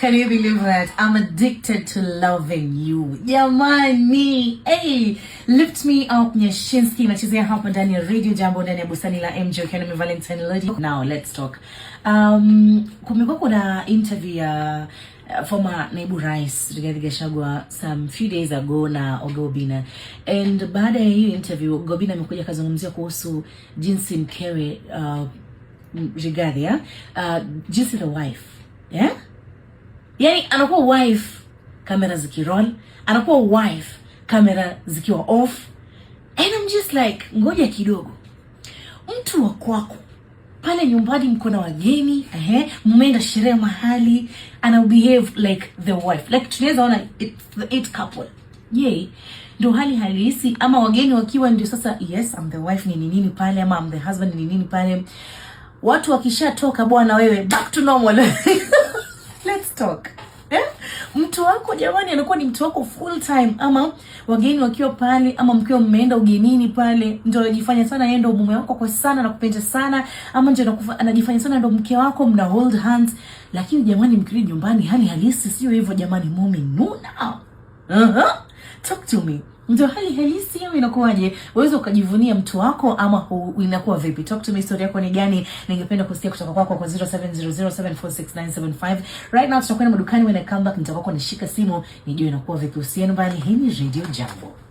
Can you believe that? I'm addicted to loving you. Jamani, hey, lift me up Nyashinski inachezea hapa ndani ya Radio Jambo ndani ya bustani la MJ ukiwa na Valentine Lady. Now let's talk. Um, kumekuwa kuna interview ya uh, former naibu rais Rigathi Gachagua some few days ago na Oga Obinna. And baada ya hiyo interview Oga Obinna amekuja kazungumzia kuhusu jinsi mkewe uh, Rigathi, Uh, jinsi the wife, yeah? yani anakuwa wife kamera zikiroll, anakuwa wife kamera zikiwa off and I'm just like, ngoja kidogo, mtu wa kwako pale nyumbani mko na wageni ehe, mmeenda sherehe mahali, ana behave like the wife like tunaweza ona it, the it couple yay, ndio hali halisi, ama wageni wakiwa ndio sasa, yes I'm the wife ni nini pale, ama I'm the husband ni nini pale. Watu wakishatoka bwana, wewe back to normal TikTok eh? Mtu wako jamani, anakuwa ni mtu wako full time, ama wageni wakiwa pale, ama mkiwa mmeenda ugenini pale, ndio anajifanya sana yeye ndio mume wako kwa sana na kupenda sana, ama ndio anajifanya sana ndio mke wako, mna hold hands. Lakini jamani, mkirudi nyumbani, hali halisi sio hivyo jamani, mume nuna uh -huh. Talk to me. Ndio hali halisi yao inakuwaje? Waweza ukajivunia mtu wako ama inakuwa vipi? Talk to me, story yako ni gani? Ningependa kusikia kutoka kwako kwa 0700746975. Right now tutakwenda madukani, when I come back nitakuwa nishika simu nijue inakuwa vipi. Usiende mbali, hii ni Radio Jambo.